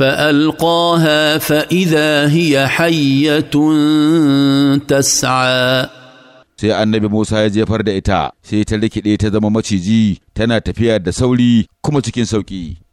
فالقاها فاذا هي حيه تسعى sai annabi Musa ya jefar da ita sai ta rikide ta zama maciji tana tafiya da sauri kuma cikin sauƙi.